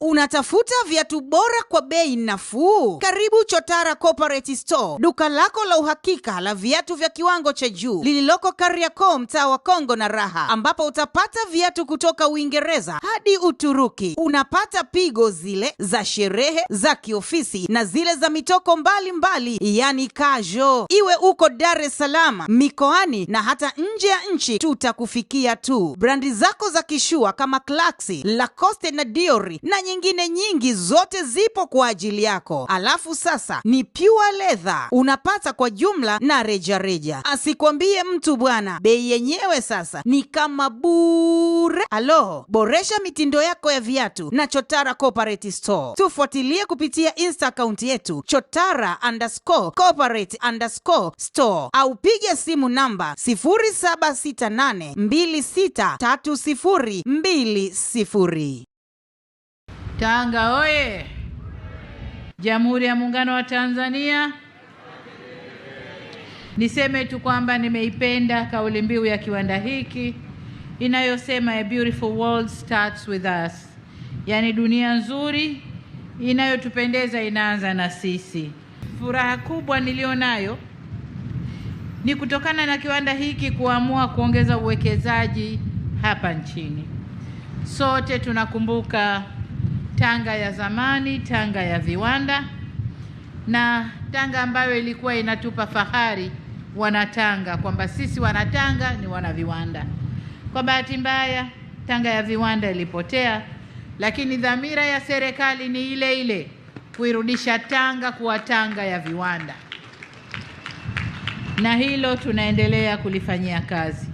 Unatafuta viatu bora kwa bei nafuu? Karibu Chotara Corporate Store, duka lako la uhakika la viatu vya kiwango cha juu lililoko Kariakoo, mtaa wa Kongo na Raha, ambapo utapata viatu kutoka Uingereza hadi Uturuki. Unapata pigo zile za sherehe, za kiofisi na zile za mitoko mbalimbali mbali, yani kajo. Iwe uko Dar es Salaam, mikoani na hata nje ya nchi, tutakufikia tu. Brandi zako za kishua kama Clarks, Lacoste na Diori na nyingine nyingi zote zipo kwa ajili yako. Alafu sasa ni pure leather unapata kwa jumla na rejareja, asikwambie mtu bwana. Bei yenyewe sasa ni kama bure. Alo, boresha mitindo yako ya viatu na Chotara Corporate Store. Tufuatilie kupitia insta akaunti yetu Chotara underscore corporate underscore store au piga simu namba 0768263020. Tanga oye! Jamhuri ya Muungano wa Tanzania. Niseme tu kwamba nimeipenda kauli mbiu ya kiwanda hiki inayosema a beautiful world starts with us, yaani dunia nzuri inayotupendeza inaanza na sisi. Furaha kubwa nilionayo ni kutokana na kiwanda hiki kuamua kuongeza uwekezaji hapa nchini. Sote tunakumbuka Tanga ya zamani, Tanga ya viwanda na Tanga ambayo ilikuwa inatupa fahari Wanatanga kwamba sisi Wanatanga ni wana viwanda. Kwa bahati mbaya, Tanga ya viwanda ilipotea, lakini dhamira ya serikali ni ile ile, kuirudisha Tanga kuwa Tanga ya viwanda, na hilo tunaendelea kulifanyia kazi.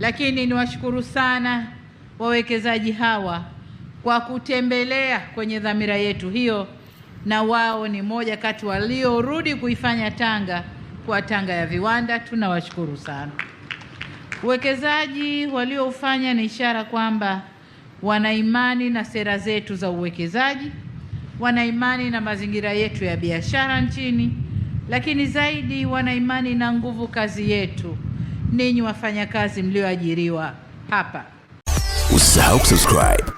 Lakini niwashukuru sana wawekezaji hawa kwa kutembelea kwenye dhamira yetu hiyo, na wao ni moja kati waliorudi kuifanya Tanga kwa Tanga ya viwanda. Tunawashukuru sana. Uwekezaji walioufanya ni ishara kwamba wana imani na sera zetu za uwekezaji, wana imani na mazingira yetu ya biashara nchini, lakini zaidi wana imani na nguvu kazi yetu, ninyi wafanyakazi mlioajiriwa hapa. Usisahau kusubscribe